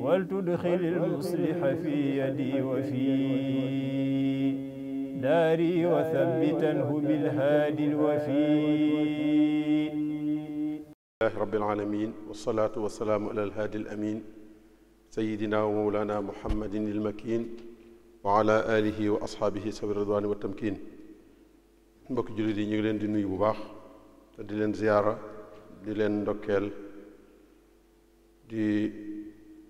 ولتدخل المصلح في يدي وفي داري وثبتنه بالهادي الوفي الله رب العالمين والصلاة والسلام على الهادي الأمين سيدنا ومولانا محمد المكين وعلى آله وأصحابه سبيل الرضوان والتمكين mbokk jullit yi ñu ngi leen di nuyu bu baax te di leen ziyaara di leen ndokkeel di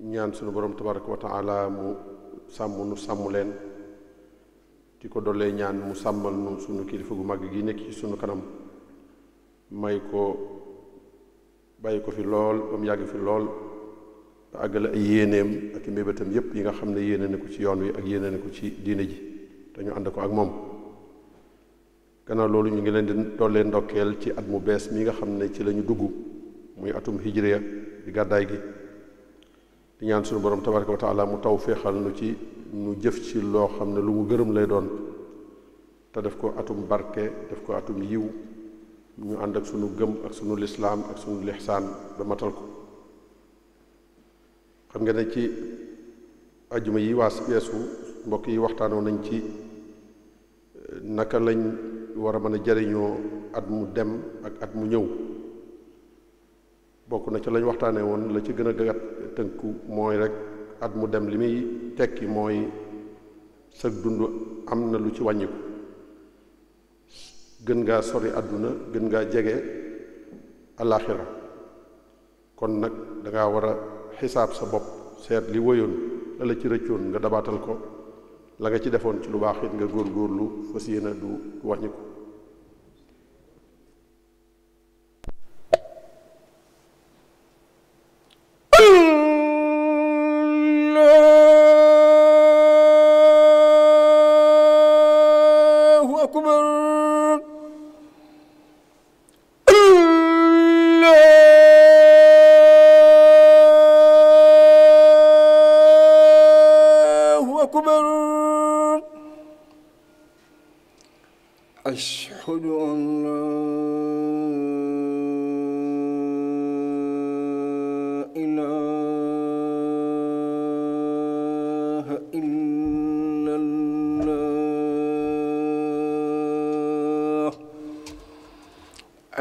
ñaan sunu borom tabaraka wa taala sàmm nu sàmm leen di ko dollee ñaan mu sàmmal nu sunu kilifa gu mag gi nekk ci suñu kanam may ko bàyyi ko fi lool ba mu yàgg fi lool ba àggale ay yéeneem ak mébétam yépp yi nga xam ne yéene na ko ci yoon wi ak yéene na ko ci diine ji dañu ànd ko ak moom gannaaw loolu ñu ngi leen di dollee ndokkeel ci at mu bees mi nga xam ne ci lañu dugg muy atum hijriya di gàddaay gi di ñaan suñu borom tabaraka wa taala mu taw féexal nu ci nu jëf ci loo xam ne lu mu gërëm lay doon te def ko atum barke def ko atum yiw ñu ànd ak sunu gëm ak sunu lislaam ak sunu lixsaan ba matal ko xam nga ne ci ajuma yi waa weesu mbokk yi waxtaanoo nañ ci naka lañ war a mën a jariñoo at mu dem ak at mu ñëw bokk na ci lañ waxtaanee woon la ci gën a gàtt tënku mooy rek at mu dem li muy tekki mooy sag dund am na lu ci wàññiku gën ngaa sori àdduna gën ngaa jege alaxira kon nag danga war a xisaab sa bopp seet li woyoon la la ci rëccoon nga dabaatal ko la nga ci defoon ci lu baax it nga góor góorlu fas yéene du wàññiku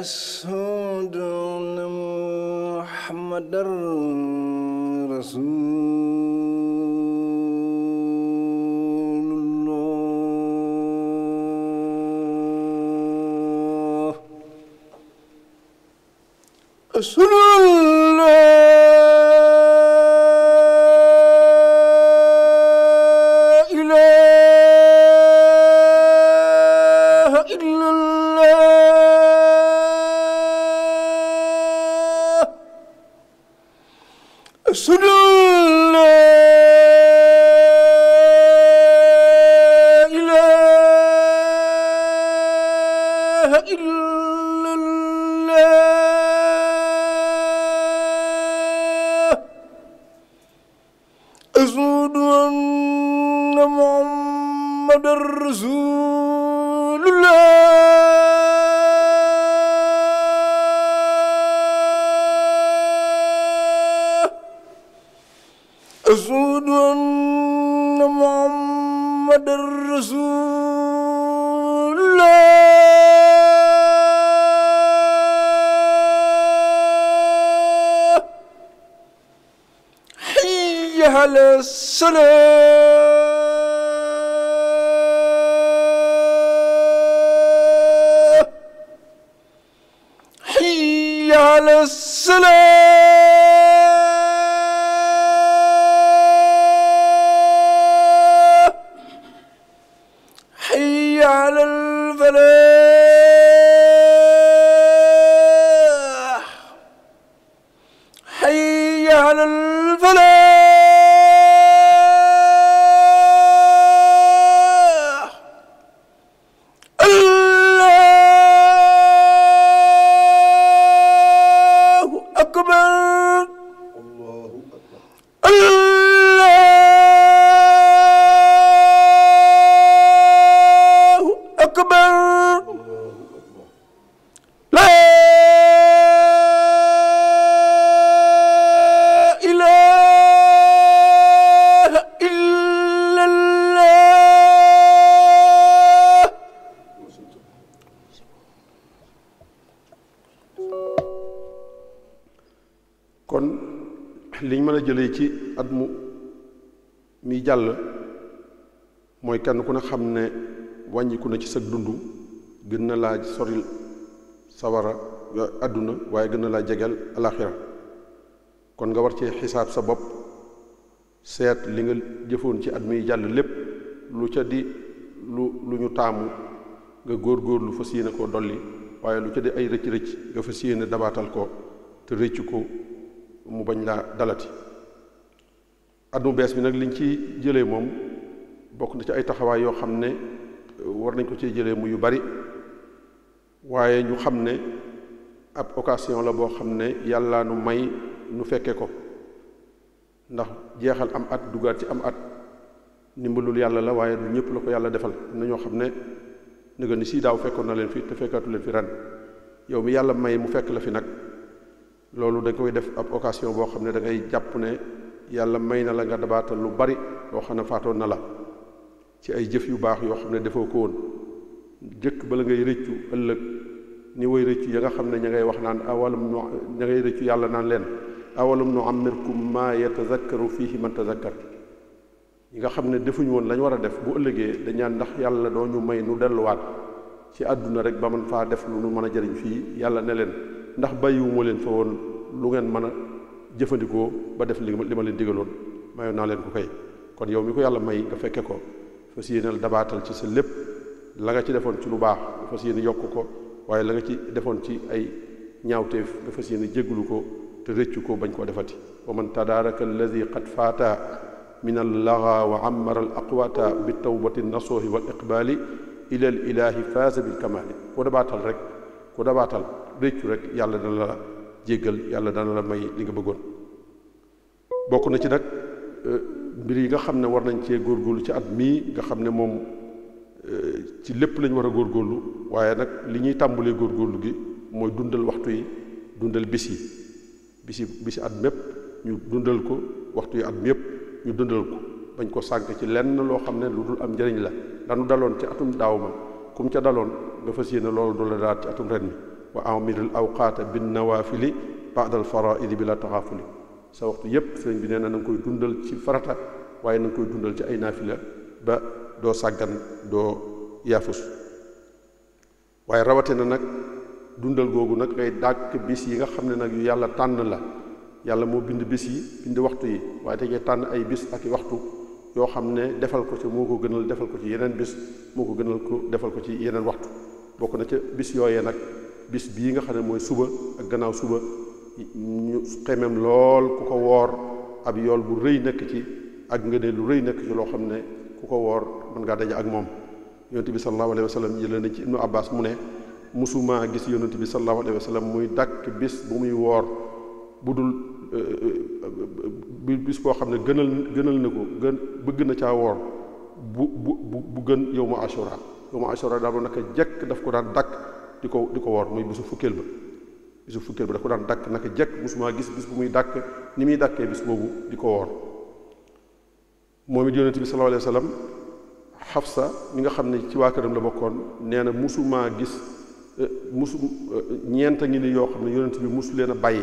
أشهد أن محمدا رسول الله أشهد على السلام jëlee ci at mi jàll mooy kenn ku ne xam ne wàññiku na ci sag dund gën na laa soril sawara euh, àdduna waaye gën na laa jegeel alaxira kon nga war cee xisaab sa bopp seet li nga jëfoon ci at mi jàll lépp lu ca di lu lu ñu taamu nga góor góor lu fas yéene ko dolli waaye lu ca di ay rëcc rëcc nga fas yéene dabaatal ko te rëccu ko mu bañ laa dalati at mu bees bi nag liñ ci jëlee moom bokk na ci ay taxawaay yoo xam ne euh, war nañ ko ci jëlee mu yu bari waaye ñu xam ne ab occasion la boo xam ne yàlla nu may nu fekke ko ndax jeexal am at dugaat ci am at ndimbalul yàlla la waaye du ñëpp la ko yàlla defal na ñoo xam ne nëgë ni si fekkoon na leen fi te fekkaatu leen fi ren yow mi yàlla may mu fekk la fi nag loolu da koy def ab occasion boo xam ne dangay jàpp ne yàlla may na la nga dabaatal lu bari loo xam ne faatoon na la ci ay jëf yu baax yoo xam ne defoo ko woon jëkk ba la ngay rëccu ëllëg ni way rëccu ya nga xam ne ña ngay wax naan awalum nu ña ngay rëccu yàlla naan leen awalum nu amirkum ma fii fihi man tazakkar ñi nga xam ne defuñu woon lañ war a def bu ëllëgee dañaan ndax yàlla doo ñu may nu delluwaat ci àdduna rek ba man faa def lu nu mën a jëriñ fii yàlla ne leen ndax bàyyiwuma leen fa woon lu ngeen mën jëfandikoo ba def li ma leen digaloon mayoon naa leen ko kay kon yow mi ko yàlla may nga fekke ko fas yéene dabaatal ci sa lépp la nga ci defoon ci lu baax nga fas yéene yokk ko waaye la nga ci defoon ci ay ñaawteef nga fas yéene jéggulu ko te rëccu ko bañ koo defati wa man tadaaraka alladi qad faata min allaha wa amara al aqwata bi tawbati nasoohi wal iqbaali ila al ilahi faasa bil kamaali ku dabaatal rek ku dabaatal rëccu rek yàlla dana jéggal yàlla dana la may li nga bëggoon bokk na ci nag euh, mbir yi nga xam ne war nañ cee góor góorgóorlu ci at mii nga xam ne moom euh, ci lépp lañ war a góor góorlu waaye nag li ñuy tàmbalee góorlu gi mooy dundal waxtu yi dundal bis yi bis yi bisi at mépp ñu dundal ko waxtu yi at mépp ñu dundal ko bañ ko sànk ci lenn loo xam ne lu dul am njëriñ la lanu daloon ci atum daaw ma kum ca daloon nga fas yéene loolu du la daal ci atum ren mi waa wa awmidil awqaata bin nawaafili baadal faraidi bi la taxaafuli sa waxtu yépp sëriñ bi nee na na nga koy dundal ci farata waaye na nga koy dundal ci ay naafila ba doo sàggan doo yaafus waaye rawatina nag dundal googu nag ay dàkk bis yi nga xam ne nag yu yàlla tànn la yàlla moo bind bis yi bind waxtu yi waaye te tànn ay bis ak waxtu yoo xam ne defal ko ci moo ko gënal defal ko ci yeneen bis moo ko gënal ko defal ko ci yeneen waxtu bokk na ca bis yooyee nag bis bii nga xam ne mooy suba ak gannaaw suba ñu xemem lool ku ko woor ab yool bu rëy nekk ci ak nga ne lu rëy nekk ci loo xam ne ku ko woor mën ngaa daje ak moom yonent bi sallallahu alayhi wa sallam jëlee na ci ibnu abbas mu ne musuma gis yonent bi sallallahu alayhi wa sallam muy dàkk bis bu muy woor bu dul euh, euh, bis boo xam ne gënal gënal na ko gën bëgg na caa woor bu bu bu gën yow ma ashura yow ma ashura daal naka jekk daf ko daan dàkk di ko di ko woor muy bisu fukkeel ba bisu fukkeel ba da ko daan dàkk naka jekk musuma gis bis bu muy dàkk ni muy dàkkee bis boobu di ko woor moom it yonent bi sallallahu alayhi xaf sa Xafsa mi nga xam ne ci waa këram la bokkoon nee na musuma gis eh, musu eh, ñeent a ngi ni yoo xam ne yonent bi musu leen a bàyyi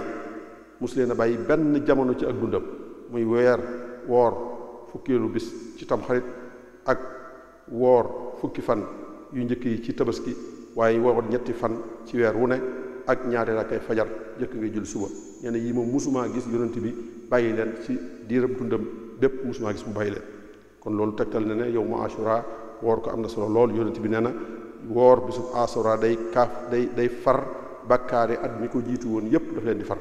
musu leen a bàyyi benn jamono ci ak dundam muy weer woor fukkeelu bis ci tamxarit ak woor fukki fan yu njëkk yi ci tabaski waaye waroon ñetti fan ci weer wu ne ak ñaari rakkay fajar jëkk ngay jul suba nee na yii moom musumaa gis yonent bi bàyyi leen ci diiram dundam dépp musumaa gis mu bàyyi leen kon loolu tegtal na ne yow mu asura woor ko am na solo lool yonent bi nee na woor bisu asura day kaaf day day far bakkaari at mi ko jiitu woon yépp daf leen di fan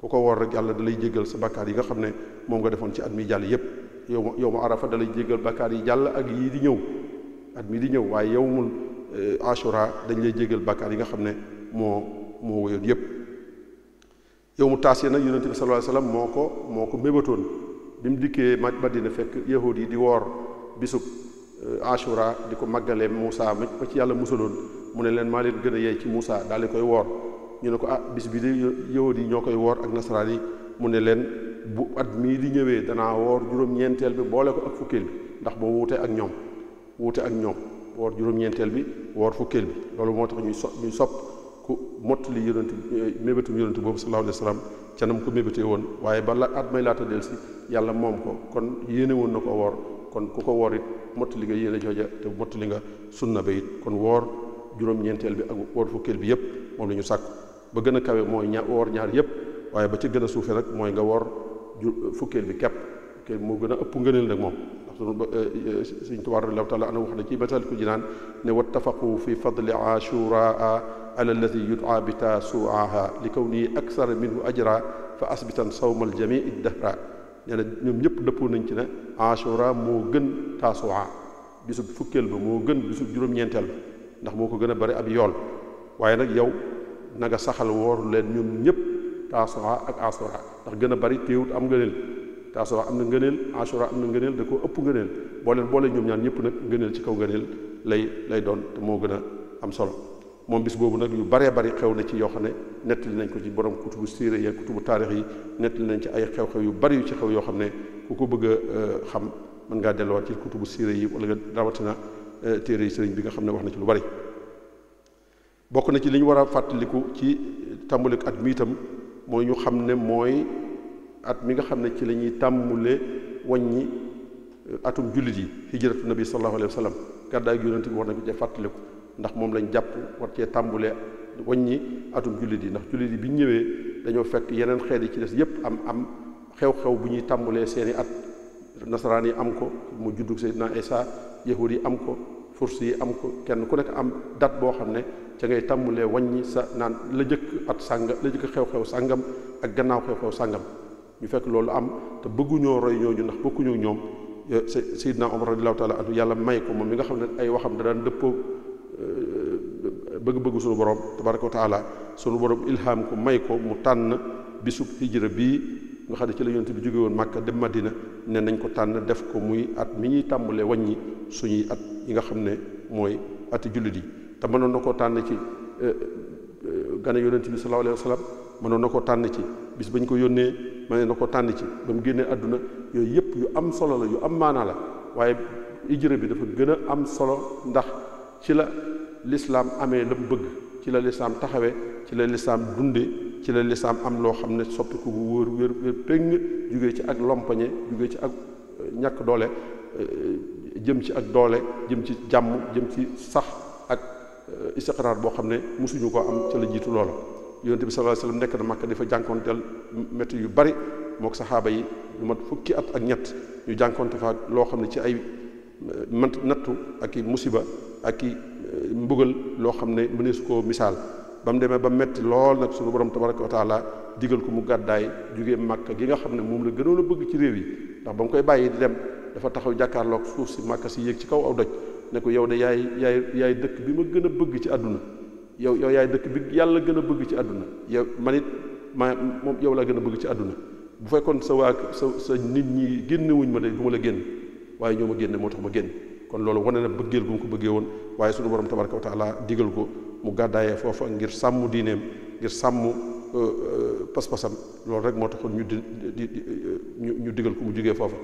ku ko woor rek yàlla da lay jéggal sa bakkaar yi nga xam ne moom nga defoon ci at mi jàll yépp yow ma yow ma arafa da lay jéggal bakkaar yi jàll ak yii di ñëw at mi di ñëw waaye yow mul Euh, ashura dañ lay jégal bàkkaar yi nga xam ne moo moo wéyoon yépp yow mu taas yi nag yonente bi sallallahu alayhi wasallam moo ko moo ko mébatoon bi mu dikkee ma Madina fekk yahud yi di woor bisub euh, ashura di ko màggalee Moussa ma ci yàlla musaloon mu ne leen maa leen gën a yey ci musa daal di koy woor ñu ne ko ah bis bi di yahud yi ñoo koy woor ak nasaraan yi mu ne leen bu at mii di ñëwee danaa woor juróom-ñeenteel bi boole ko ak fukkeel bi ndax boo wuutee ak ñoom wuute ak ñoom woor juróom-ñeenteel bi woor fukkeel bi loolu moo tax ñuy so ñuy sopp ku mottali yonent eh, mébétum yonent boobu sallallahu alayhi wa sallam ca nam ko woon waaye bala at may laata del si yàlla moom ko kon yéene woon na ko woor kon ku ko woor it mottali nga yéene jooja te mottali nga sunna ba it kon woor juróom-ñeenteel bi ak woor fukkeel bi yépp moom lañu sàkk ba gën a kawe mooy ña woor ñaar yépp waaye ba ca gën a suufe nag mooy nga woor fukkeel bi kepp fukkeel moo gën a ëpp ngëneel nag moom su eh, eh, eh, sëñ Tuubaa radiyallaahu taala anhu wax na ci Masaalikul Jinaan ne wattafaqu fi fadli ashuraa ala allati yudaa bi taasuaha li kawni aksara minhu ajra fa asbitan sawmal jamii dahra nee na ñoom ñëpp dëppoo nañ ci ne asura moo gën taasuwaa bisub fukkeel ba moo gën bisu juróom-ñeenteel ba ndax moo ko gën a bari ab yool waaye nag yow na nga saxal wooru leen ñoom ñëpp taasuwaa ak asura ndax gën a bari téewut am nga leen taasura am na ngëneel asura am na ngëneel da koo ëpp ngëneel boo leen boole ñoom ñaan ñëpp nag ngëneel ci kaw ngëneel lay lay doon te moo gën a am solo moom bis boobu nag yu baree bari xew na ci yoo xam ne nettali nañ ko ci boroom kutubu siire yi kutubu taarix yi nettali nañ ci ay xew yu bari yu ci xew yoo xam ne ku ko bëgg e, xam mën ngaa delluwaat ci kutubu siire yi wala nga rawatina e, téere yi sëriñ bi nga xam ne wax na ci lu bari bokk na ci li ñu war a fàttaliku ci tàmbalik ak mi itam mooy ñu xam ne mooy at mi nga xam ne ci la ñuy tàmmule waññi euh, atum jullit yi hijratu nabi sallallahu alayhi wa sallam gàddaay gi yonent bi war nañ ko ndax moom lañ jàpp war cee tàmbulee waññi atum jullit yi ndax jullit yi bi ñu ñëwee dañoo fekk yeneen xeet yi ci des yépp am am xew-xew bu ñuy tàmbulee seeni at nasaraan yi am ko mu juddug Seydina Isa yahud yi am ko furs yi am ko kenn ku nekk am date boo xam ne ca ngay tàmbulee waññi sa naan la jëkk at sàngam la jëkk xew-xew sàngam ak gannaaw xew-xew sàngam ñu fekk loolu am te bëgguñoo roy ñooñu ndax bokkuñu ñoom eh, Seydina Omar radiyallahu taala anhu yàlla may ko moom mi nga xam ne ay waxam da daan dëppoo eh, bëgg-bëgg suñu borom tabaraka wa taala suñu borom ilham ko may ko mu tànn bi bisub hijra bii nga xam ne ci la yonent bi jóge woon Màkka dem Madina ne nañ ko tànn def ko muy at mi ñuy tàmbalee wàññi suñuy at yi nga xam ne mooy ati jullit yi te mënoon na koo tànn ci eh, gane yonent bi sallallahu alayhi wa mënoon na koo tànn ci bis bañ ma ne na ko tànn ci ba mu génnee àdduna yooyu yëpp yu am solo la yu am maanaa la waaye ijra bi dafa gën a am solo ndax ci la lislaam amee la mu bëgg ci la lislaam taxawee ci la lislaam dunde ci la lislaam am loo xam ne soppiku bu wóor wér wér péng jugee ci ak lompañe jugee ci ak euh, ñàkk doole euh, jëm ci ak doole jëm ci jàmm jëm ci sax ak euh, istiqraar boo xam ne mosuñu ko am ca la jiitu loola yonent bi sallallahu alayhi wasallam nekk na Makka dafa jànkonteel métti yu bari mook saxaaba yi lu mat fukki at ak ñett ñu jànkonte fa loo xam ne ci ay eh, mant nattu ak i musiba ak i eh, mbugal loo xam ne mënees koo misaal ba mu demee ba metti lool nag suñu borom tabaraka wa taala digal ko mu gàddaay jógee Makka gi nga xam ne moom la gënoon a bëgg ci réew yi ndax ba mu koy bàyyi di dem dafa taxaw jàkkaarloog suuf si màkka si yéeg ci kaw aw doj ne ko yow de yaay yaay yaay dëkk bi ma gën a bëgg ci àdduna yow yow yaay dëkk bi yàlla gën a bëgg ci àdduna yow man it ma moom yow laa gën a bëgg ci àdduna bu fekkoon sa waa sa sa nit ñi génnewuñ ma de du ma la génn waaye ñoo ma génne moo tax ma génn kon loolu wane na bëggeel gu mu ko bëggee woon waaye suñu borom tabaraka wa taala digal ko mu gàddaayee foofa ngir sàmm diineem ngir sàmm euh, euh, pas-pasam loolu rek moo taxoon ñu di di ñu digal ko mu jógee foofa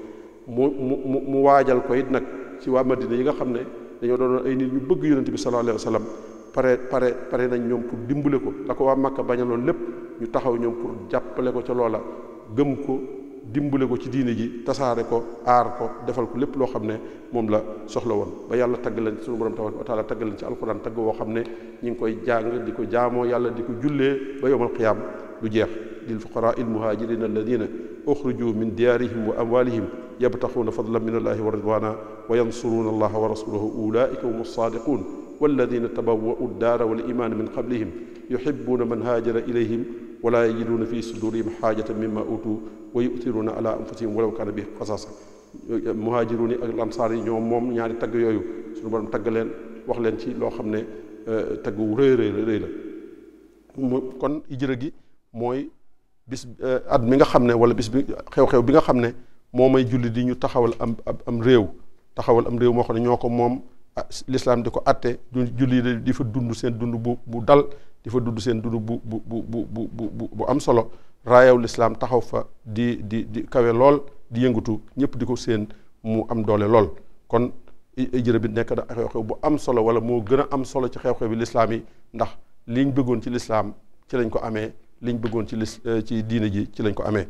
mu mu mu waajal ko it nag ci waa Madina yi nga xam ne dañoo doon ay nit ñu bëgg yonent bi sallallahu alayhi wa pare pare pare nañ ñoom pour dimbale ko la ko waa Makka bañaloon lépp ñu taxaw ñoom pour jàppale ko ca loola gëm ko dimbale ko ci diine ji tasaare ko aar ko defal ko lépp loo xam ne moom la soxla woon ba yàlla tagg leen sunu borom tabaraka wa taala tagg leen ci alquran tagg woo xam ne ñi ngi koy jàng di ko jaamoo yàlla di ko jullee ba yowmal qiyaam du jeex lil fuqaraa il muhaajiriina alladina uxriju min diyaarihim wa amwaalihim yabtaxuuna fadlan min allahi wa ridwaana wa yansuruuna allaha wa rasulahu ulaika hum alsaadiquun walladina tabawwau ddaara wal imaana min qablihim yuhibbuuna man haajara ilayhim wala yajiduuna fi sudurihim xaajatan mimma utu wa yutiruuna ala anfusihim walaw kaana bi xasaasa muhaajiruun yi ak lansaar yi ñoom moom ñaari tagg yooyu suñu borom tagg leen wax leen ci loo xam ne euh, tagg wu rëy rëy gi mooy bis euh, at mi nga xam ne wala bis bi xew-xew bi nga xam ne moo may julli di ñu taxawal am am réew taxawal am réew moo xam ne ñoo ko moom Ah, l'islam di ko atte du julli di fa dund seen dund bu bu dal di fa dund seen dund bu bu bu bu bu bu am solo raayaw lislaam taxaw fa di di di kawe lool di yëngatu ñëpp di ko seen mu am doole lool kon jërë bi nekk na xew-xew bu am solo wala moo gën a am solo ci xew-xew bi lislaam yi ndax liñ bëggoon ci lislaam ci lañ ko amee liñ bëggoon ci lis ci diine ji ci lañ ko amee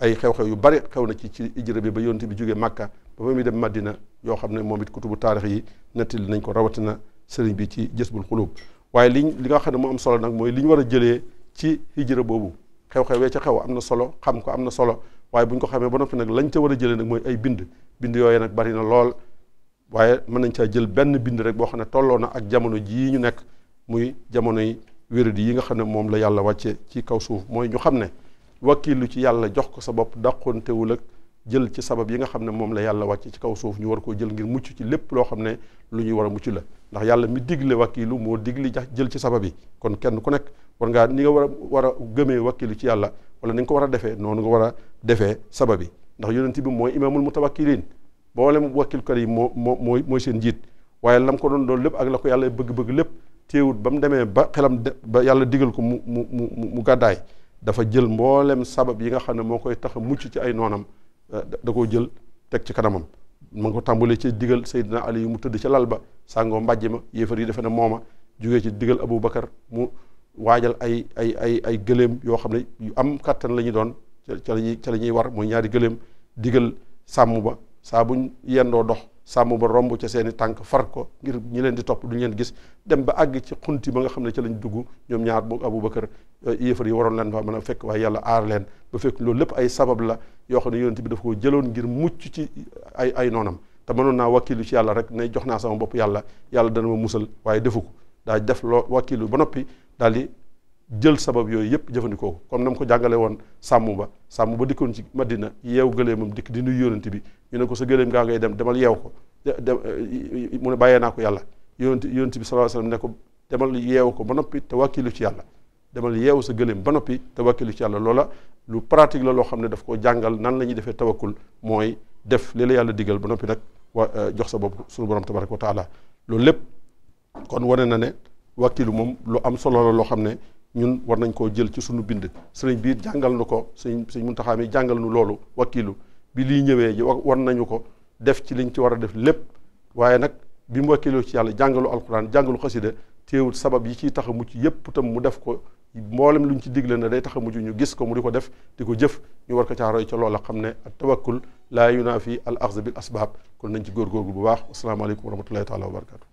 ay xew-xew yu bari xew na ci ci ijra bi ba yoonti bi jógee Màkka ba ba muy dem Madina yoo xam ne moom it kutubu taarix yi nettali nañ ko rawatina sëriñ bi ci jësbul xulub waaye liñ li nga xam ne moo am solo nag mooy li ñu war a jëlee ci hijra boobu xew-xewee ca xew am na solo xam ko am na solo waaye bu ko xamee ba noppi nag lañ ca war a jëlee nag mooy ay bind bind yooyu nag bari na lool waaye mën nañ caa jël benn bind rek boo xam ne tolloo na ak jamono jii ñu nekk muy jamono yi wéradi yi nga xam ne moom la yàlla wàcce ci kaw suuf mooy ñu xam ne wakkiilu ci yàlla jox ko sa bopp dàqontewul ak jël ci sabab yi nga xam ne moom la yàlla wàcc ci kaw suuf ñu war ko jël ngir mucc ci lépp loo xam ne lu ñuy war a mucc la ndax yàlla mi digle wakkiilu moo digli jax jël ci sabab yi kon kenn ku nekk war ngaa ni nga war a war a gëmee wakkiilu ci yàlla wala ni nga ko war a defee noonu nga war a defee sabab yi ndax yonent bi mooy imaamul mutawakkiliin boolem wakkilkat yi moo moo mooy mooy seen njiit waaye lam ko doon doon lépp ak la ko yàlla bëgg-bëgg lépp téewut ba mu demee ba xelam ba yàlla digal ko mu mu mu mu gàddaay dafa jël mboolem sabab yi nga xam ne moo koy tax mucc ci ay noonam Euh, da koo jël teg ci kanamam ma ngi ko tàmbalee ci digal Seydina Ali mu tëdd ca lal ba sàngoo mbàjj ma yéefar yi defe na mooma jógee ci digal Abu Bakar mu waajal ay ay ay ay gëléem yoo xam ne yu am kàttan la ñu doon ca la ñuy ca la ñuy war mooy ñaari gëléem digal sàmm ba saa buñ yendoo dox sàmm ba romb ca seeni tànk far ko ngir ñi leen di topp duñu leen gis dem ba àgg ci xunti ba nga xam ne ca lañ dugg ñoom ñaar boog Abubakar euh, yéefar yi waroon leen fa mën a fekk waaye yàlla aar leen ba fekk loolu lépp ay sabab la yoo xam ne yonent bi daf ko jëloon ngir mucc ci ay noonam te mënoon naa wakkilu ci yàlla rek ne jox naa sama bopp yàlla yàlla dana ma musal waaye defu ko daa def loo wakkilu ba noppi jël sabab yooyu yëpp jëfandikoo kon comme na mu ko jàngale woon sàmm ba sàmm ba dikkoon ci madina yeew gëleemam dikk di nuyu yonent bi ñu ne ko sa gëleem gaa ngay dem demal yeew ko eh, mu ne bàyyee naa ko yàlla yonent yonent bi sallallahu alayhi wasallam ne ko demal yeew ko ba noppi te wàkkilu ci yàlla demal yeew sa gëleem ba noppi te wàkkilu ci yàlla loola lu pratique la loo xam ne daf ko jàngal nan la ñuy defee tawakkul mooy def li la yàlla digal ba noppi nag wa eh, jox sa bopp suñu borom tabaraka wa taala loolu lépp kon wane na ne wàkkilu moom lu am solo la loo xam ne ñun war nañ koo jël ci suñu bind sëriñ biir jàngal na ko suñ sëñ Muntaxa mi jàngal nu loolu wakiilu bi lii ñëwee war nañu ko def ci liñ ci war a def lépp waaye nag bi mu wakiiloo ci yàlla jàngalu alquran jàngalu xasida téewul sabab yi ciy tax a mucc yépp tam mu def ko mboolem luñ ci digle na day tax a ñu gis ko mu di ko def di ko jëf ñu war ko caa roy ca loola xam ne ak tawakkul laa yunaafi al axza bil asbaab kon nañ ci góorgóorlu bu baax asalaamaaleykum wa rahmatullahi taala wa barakatu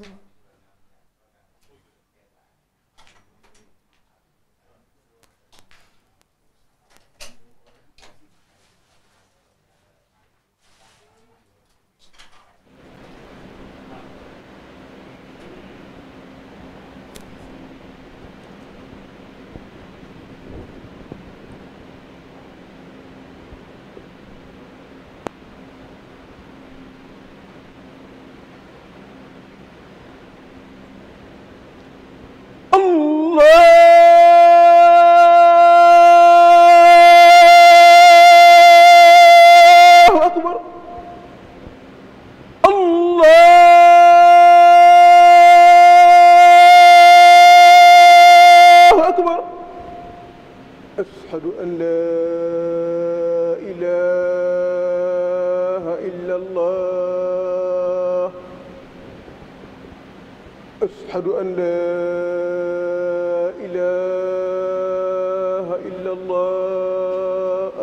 Mm. ashhadu an laa ilaaha illa allah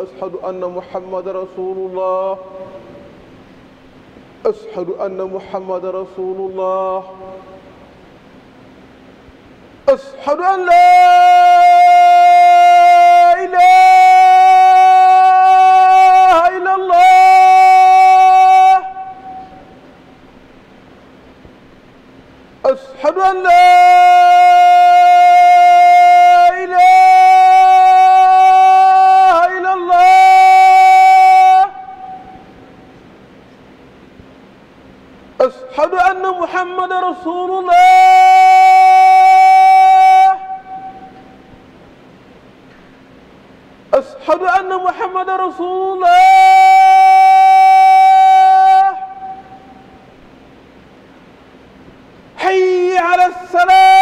ashhadu anna muhammadan rasulullah ashhadu anna muhammadan rasulullah ashhadu an laa السلام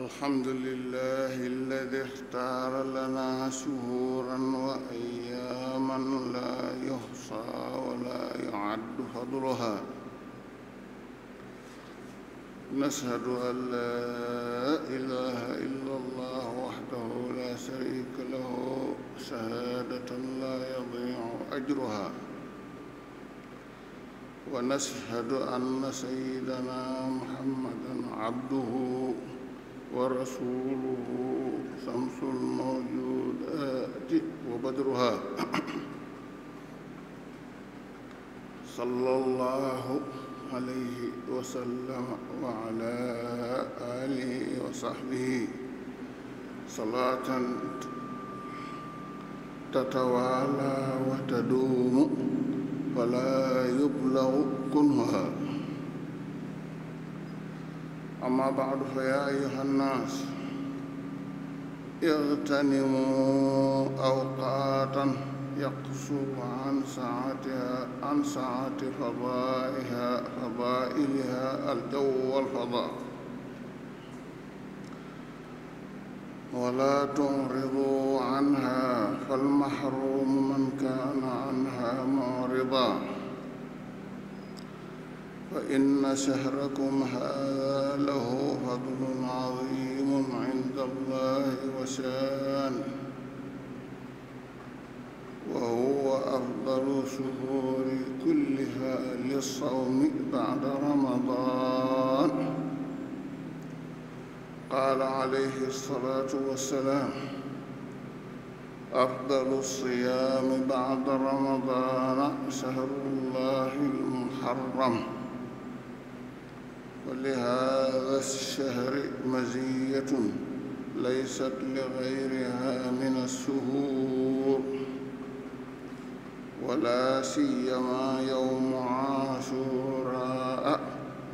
الحمد لله الذي اختار لنا شهورا وأياما لا يحصى ولا يعد قدرها نشهد أن لا إله إلا الله وحده لا شريك له شهادة لا يضيع أجرها ونشهد أن سيدنا محمدا عبده ورسوله شمس الموجودات وبدرها صلى الله عليه وسلم وعلى آله وصحبه صلاة تتوالى وتدوم ولا يبلغ كنهها أما بعد فيا أيها الناس اغتنموا أوقاتا يقصر عن ساعتها عن ساعة فضائها فضائلها الجو والفضاء ولا تعرضوا عنها فالمحروم من كان عنها معرضا فإن شهركم هذا له فضل عظيم عند الله وشان وهو أفضل شهور كلها للصوم بعد رمضان قال عليه الصلاة والسلام أفضل الصيام بعد رمضان شهر الله المحرم ولهذا الشهر مزية ليست لغيرها من السهور ولا سيما يوم عاشوراء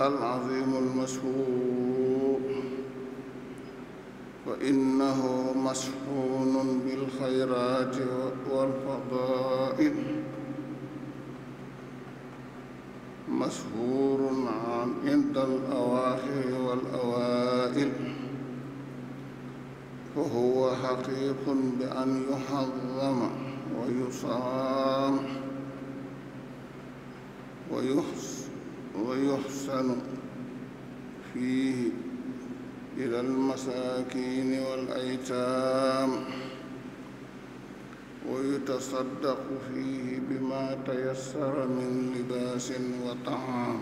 العظيم المسهور وإنه مسحون بالخيرات والفضائل مسهور عند الأواخر والأوائل فهو حقيق بأن يحظم ويصام ويحسن فيه إلى المساكين والأيتام ويتصدق فيه بما تيسر من لباس وطعام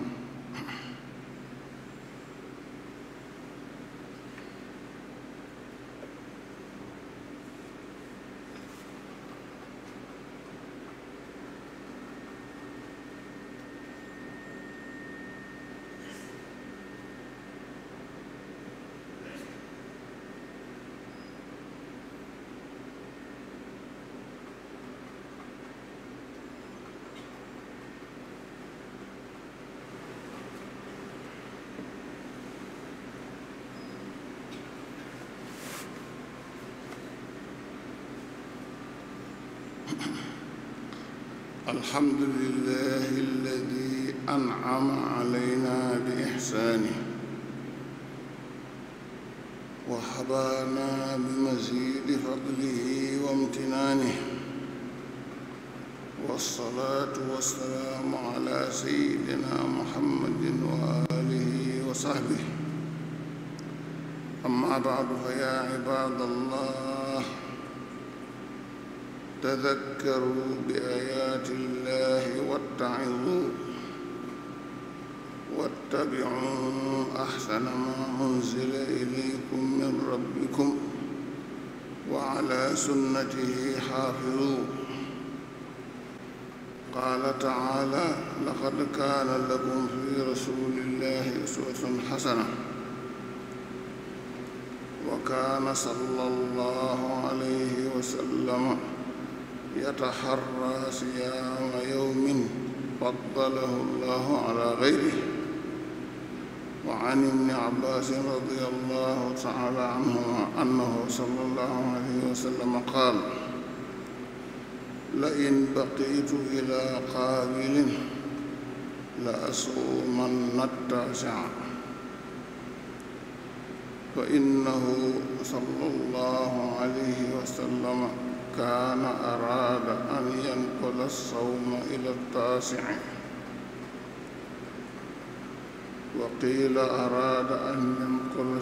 الحمد لله الذي أنعم علينا بإحسانه وهبانا بمزيد فضله وامتنانه والصلاة والسلام على سيدنا محمد وآله وصحبه أما بعد فيا عباد الله تذكروا بآيات الله واتعظوا واتبعوا أحسن ما أنزل إليكم من ربكم وعلى سنته حافظوا قال تعالى لقد كان لكم في رسول الله أسوة حسنة وكان صلى الله عليه وسلم يتحرى صيام يوم فضله الله على غيره وعن ابن عباس رضي الله تعالى عنهما أنه صلى الله عليه وسلم قال لئن بقيت إلى قابل لأصومن التاسع فإنه صلى الله عليه وسلم كان أراد أن ينقل الصوم إلى التاسع وقيل أراد أن ينقل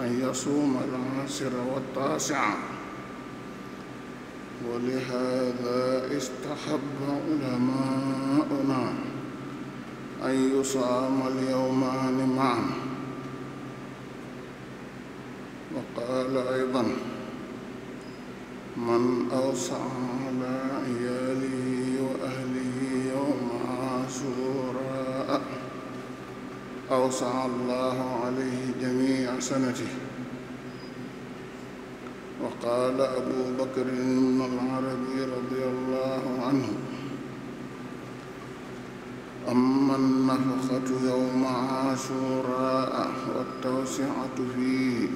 أن يصوم العاشر والتاسع ولهذا استحب علماؤنا أن يصام اليومان معا وقال أيضا من أوسع على عياله وأهله يوم عاشوراء أوسع الله عليه جميع سنته وقال أبو بكر بن العربي رضي الله عنه أما النفخة يوم عاشوراء والتوسعة فيه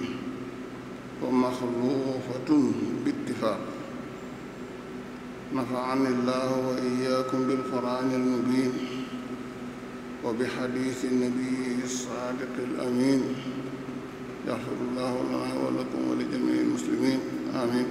wa maxluufatun bi ittifaaq nafaani llaahu wa iyyaakum bil qur'aani al mubiin wa bi xadiisi nabiyyi saadiqi al amiin yaxfirullaahu lanaa wa lakum wa li jamii'il muslimiin amiin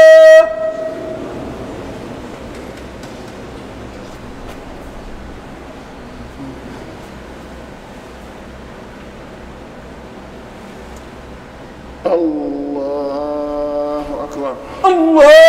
الله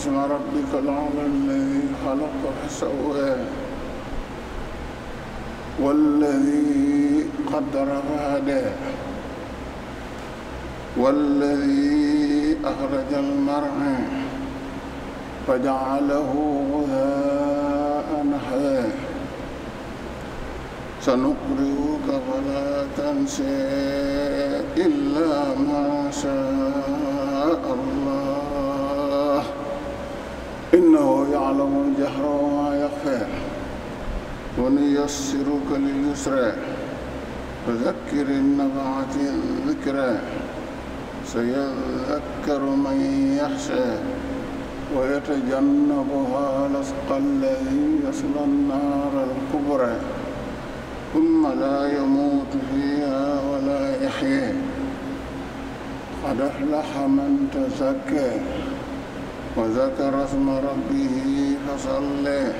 اسم ربك العظيم الذي خلق فسوى والذي قدر فهدى والذي أخرج المرعى فجعله غثاء نحوه سنقرئك فلا تنسى إلا يعلم الجهر وما يخفى ونيسرك لليسرى فذكر النفعة الذكرى سيذكر من يخشى ويتجنبها الأشقى الذي يصلى النار الكبرى ثم لا يموت فيها ولا يحيى قد أفلح من تزكى وذكر اسم ربه تصلي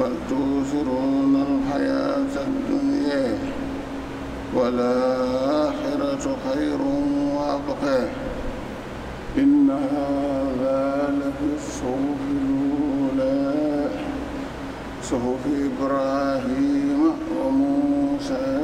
بل توثرون الحياة الدنيا والآخرة خير وأبقى إن هذا لفي الصحف الأولى صحف إبراهيم وموسى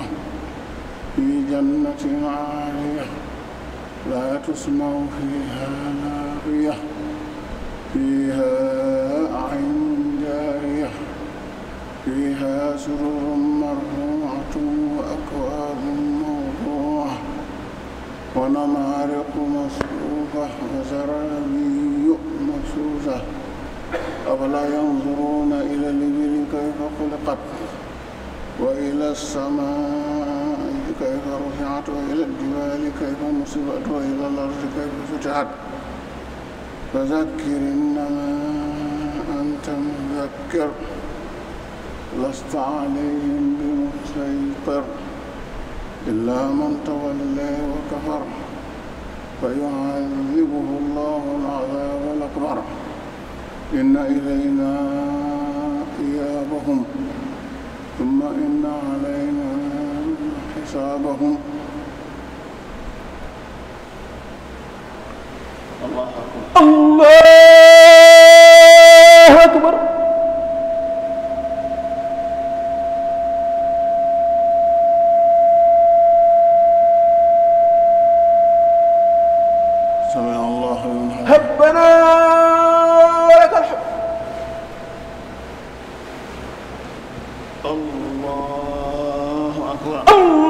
عالية في جنة عالية لا تسمع فيها لاغية فيها أعين جارية فيها سرر مرفوعة وأكواب موضوعة ونمارق مصفوفة وزرابي مبسوطة أفلا ينظرون إلى الإبل كيف خلقت وإلى السماء كيف رفعت وإلى الجبال كيف نصبت وإلى الأرض كيف فتحت فذكر إنما أنت مذكر لست عليهم بمسيطر إلا من تولى وكفر فيعذبه الله العذاب الأكبر إن إلينا ثم إن علينا حسابهم الله أكبر الله الله